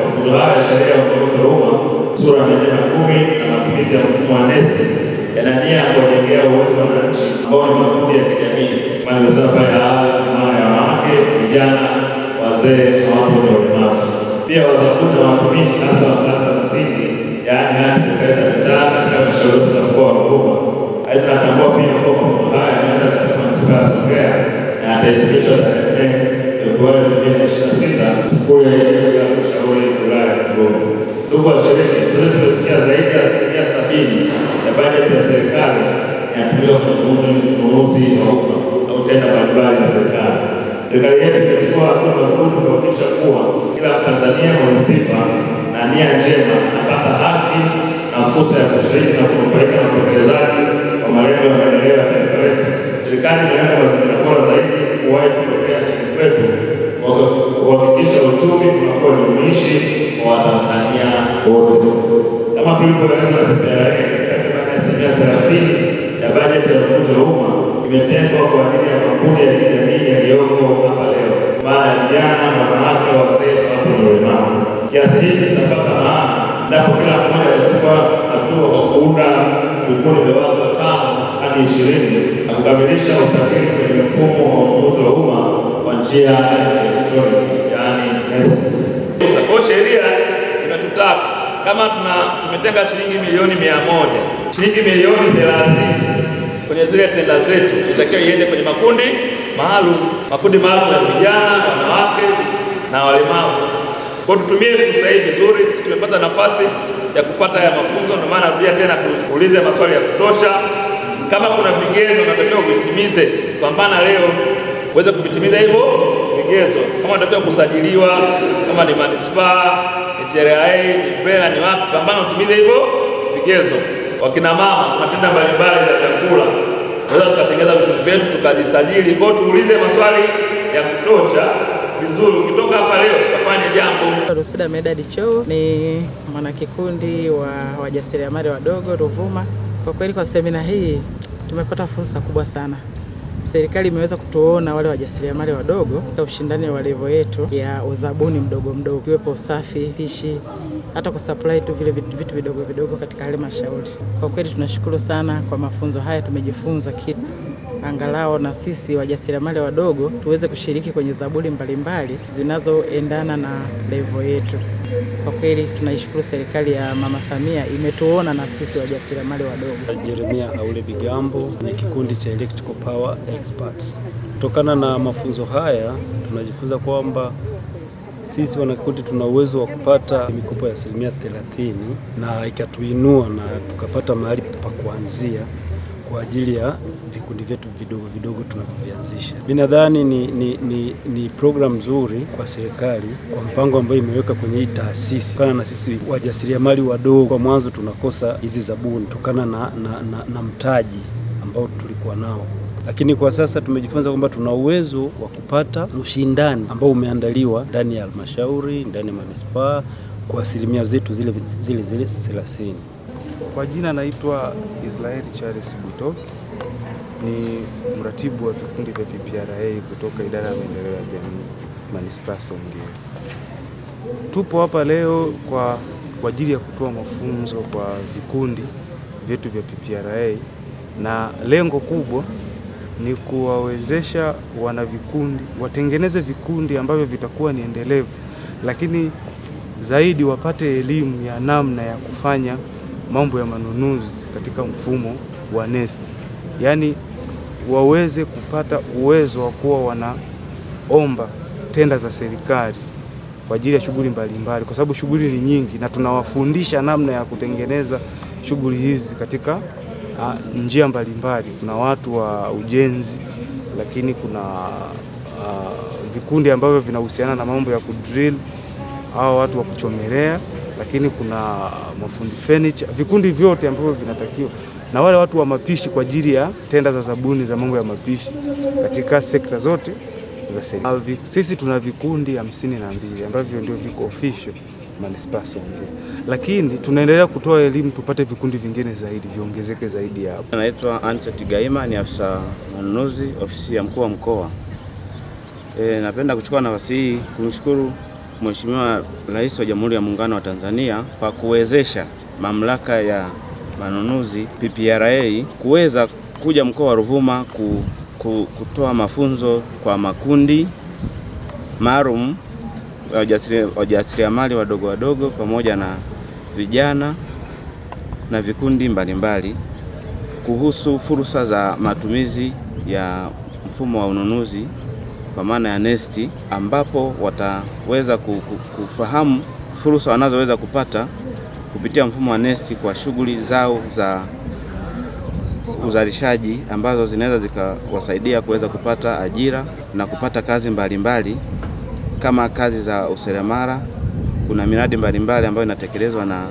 Fungu la sheria ya uongozi wa umma sura ya mia na kumi na matumizi ya mfumo wa nesti yana nia ya kuwajengea uwezo wa wananchi ambao ni makundi ya kijamii maliozaa pale mama ya wanawake, vijana, wazee na watu wenye ulemavu. Pia wadhamini na watumishi hasa wa ngazi za msingi, yaani hadi serikali za mitaa katika halmashauri za mkoa wa Ruvuma. Aidha, natambua pia kuwa mafunzo haya yanaenda katika manispaa ya Songea na yatahitimishwa tarehe kule ya kushauri wilaya ya Kigoma. Ndugu washiriki, zote tumesikia zaidi ya asilimia sabini ya bajeti ya serikali inatumiwa kwenye ununuzi au tenda mbalimbali za serikali. Serikali yetu imechukua hatua madhubuti kuhakikisha kuwa kila Mtanzania mwenye sifa na nia njema anapata haki na fursa ya kushiriki na kunufaika na utekelezaji wa malengo ya maendeleo ya taifa letu. Serikali inaweka mazingira bora zaidi kuwahi kutokea nchini kwetu uchumi unakuwa jumuishi kwa Watanzania wote, kama tulivyoeleza asilimia thelathini ya bajeti ya uongozi wa umma imetengwa kwa ajili ya makundi ya kijamii yaliyoko hapa leo, maana vijana, wanawake, wazee, watu wenye ulemavu. Kiasi hiki kitapata maana ndapo kila mmoja atachukua hatua kwa kuunda vikundi vya watu watano hadi ishirini na kukamilisha usafiri kwenye mfumo wa uongozi wa umma kwa njia ya elektroniki. Kwa sheria imetutaka kama tuna tumetenga shilingi milioni mia moja shilingi milioni thelathini kwenye zile tenda zetu itakiwa iende kwenye makundi maalum, makundi maalum ya vijana, wanawake na walemavu. Kwa tutumie fursa hii vizuri, sisi tumepata nafasi ya kupata haya mafunzo. Ndio maana rudia tena, tuulize maswali ya kutosha. Kama kuna vigezo unatakiwa uvitimize, pambana leo uweze kuvitimiza hivyo vigezo, kama unatakiwa kusajiliwa, kama ni manispaa, ni TRA, ni pela ni wapi, pambana utimize hivyo vigezo. Wakina mama, kuna mbalimbali za vyakula, unaweza tukatengeneza vitu vyetu tukajisajili. Kwa tuulize maswali ya kutosha vizuri, ukitoka hapa leo tukafanya jambo. Rusida Medadi Chou ni mwanakikundi wa wajasiriamali wadogo Ruvuma. Kwa kweli, kwa semina hii tumepata fursa kubwa sana serikali imeweza kutuona wale wajasiriamali wadogo katika ushindani wa levo yetu ya uzabuni mdogo mdogo, ikiwepo usafi, pishi, hata kusupply tu vile vitu vidogo vidogo katika halmashauri. Kwa kweli tunashukuru sana kwa mafunzo haya, tumejifunza kitu angalau na sisi wajasiriamali wadogo tuweze kushiriki kwenye zabuni mbalimbali zinazoendana na levo yetu. Kwa kweli tunaishukuru serikali ya Mama Samia, imetuona na sisi wajasiriamali wadogo. Jeremia Aule Bigambo ni kikundi cha Electrical Power Experts. Kutokana na mafunzo haya tunajifunza kwamba sisi wanakikundi tuna uwezo wa kupata mikopo ya asilimia 30 na ikatuinua na tukapata mahali pa kuanzia kwa ajili ya vikundi vyetu vidogo vidogo tunavyoanzisha. Mimi nadhani ni, ni, ni, ni programu nzuri kwa serikali kwa mpango ambao imeweka kwenye hii taasisi, kutokana na sisi wajasiriamali wadogo kwa mwanzo tunakosa hizi zabuni kutokana na, na, na, na mtaji ambao tulikuwa nao lakini kwa sasa tumejifunza kwamba tuna uwezo wa kupata ushindani ambao umeandaliwa ndani ya halmashauri, ndani ya manispaa kwa asilimia zetu zile zile zile 30. Kwa jina naitwa israeli Charles Buto, ni mratibu wa vikundi vya PPRA kutoka idara ya maendeleo ya jamii manispaa Songea. Tupo hapa leo kwa, kwa ajili ya kutoa mafunzo kwa vikundi vyetu vya PPRA na lengo kubwa ni kuwawezesha wanavikundi watengeneze vikundi ambavyo vitakuwa ni endelevu, lakini zaidi wapate elimu ya namna ya kufanya mambo ya manunuzi katika mfumo wa NeST, yaani waweze kupata uwezo wa kuwa wanaomba tenda za serikali kwa ajili ya shughuli mbalimbali, kwa sababu shughuli ni nyingi, na tunawafundisha namna ya kutengeneza shughuli hizi katika a, njia mbalimbali. Kuna watu wa ujenzi, lakini kuna a, vikundi ambavyo vinahusiana na mambo ya kudrill, au watu wa kuchomelea lakini kuna mafundi furniture, vikundi vyote ambavyo vinatakiwa na wale watu wa mapishi kwa ajili ya tenda za zabuni za mambo ya mapishi katika sekta zote za serikali. Sisi tuna vikundi hamsini na mbili ambavyo ndio viko official manispaa Songea, lakini tunaendelea kutoa elimu tupate vikundi vingine zaidi viongezeke zaidi hapo. Anaitwa Anset Gaima, ni afisa manunuzi ofisi ya mkuu wa mkoa. E, napenda kuchukua nafasi hii kumshukuru Mheshimiwa Rais wa Jamhuri ya Muungano wa Tanzania kwa kuwezesha mamlaka ya manunuzi PPRA kuweza kuja mkoa wa Ruvuma ku, ku, kutoa mafunzo kwa makundi maalum wajasiriamali wadogo wadogo pamoja na vijana na vikundi mbalimbali mbali, kuhusu fursa za matumizi ya mfumo wa ununuzi kwa maana ya nesti, ambapo wataweza kufahamu fursa wanazoweza kupata kupitia mfumo wa nesti kwa shughuli zao za uzalishaji ambazo zinaweza zikawasaidia kuweza kupata ajira na kupata kazi mbalimbali mbali, kama kazi za useremala. Kuna miradi mbalimbali ambayo inatekelezwa na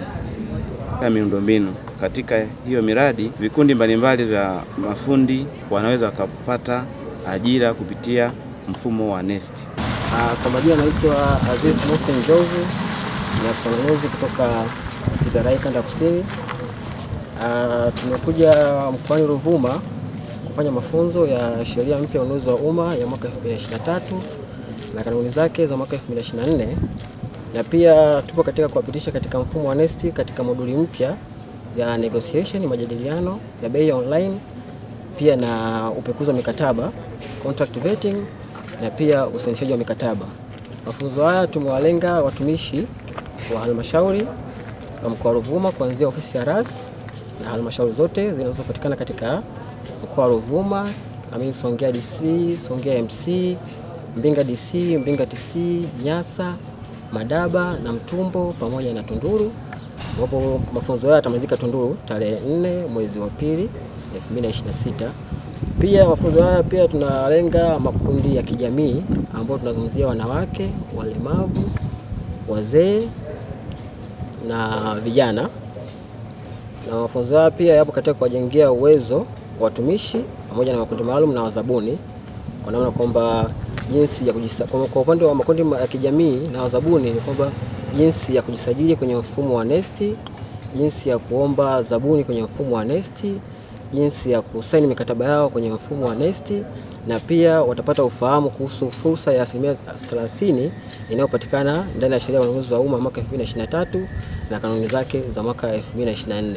miundombinu. Katika hiyo miradi, vikundi mbalimbali vya mafundi wanaweza wakapata ajira kupitia mfumo wa nesti. Ah, kwa majina anaitwa Aziz Mohsen Njovu, ni afisa kutoka Kigarai Kanda Kusini. Ah, tumekuja mkoani Ruvuma kufanya mafunzo ya sheria mpya ya ununuzi wa umma ya mwaka 2023 na kanuni zake za mwaka 2024 na pia tupo katika kuwapitisha katika mfumo wa nesti katika moduli mpya ya negotiation, majadiliano ya bei online, pia na upekuzi wa mikataba contract vetting na pia usainishaji wa mikataba. Mafunzo haya tumewalenga watumishi wa halmashauri wa mkoa wa Ruvuma kuanzia ofisi ya RAS na halmashauri zote zinazopatikana katika mkoa wa Ruvuma, amini Songea DC, Songea MC, Mbinga DC, Mbinga tc Nyasa, Madaba na Mtumbo pamoja na Tunduru, ambapo mafunzo haya yatamalizika Tunduru tarehe 4 mwezi wa pili 2026. Pia mafunzo haya pia tunalenga makundi ya kijamii ambayo tunazungumzia wanawake, walemavu, wazee na vijana, na mafunzo haya pia yapo katika kuwajengea uwezo watumishi pamoja na makundi maalum na wazabuni, kwa namna kwamba jinsi ya kujisajili kwa upande wa makundi ya kijamii na wazabuni ni kwamba jinsi ya kujisajili kwenye mfumo wa nesti jinsi ya kuomba zabuni kwenye mfumo wa nesti jinsi ya kusaini mikataba yao kwenye mfumo wa NeST na pia watapata ufahamu kuhusu fursa ya asilimia 30 inayopatikana ndani ya sheria ya ununuzi wa umma mwaka 2023 na kanuni zake za mwaka 2024.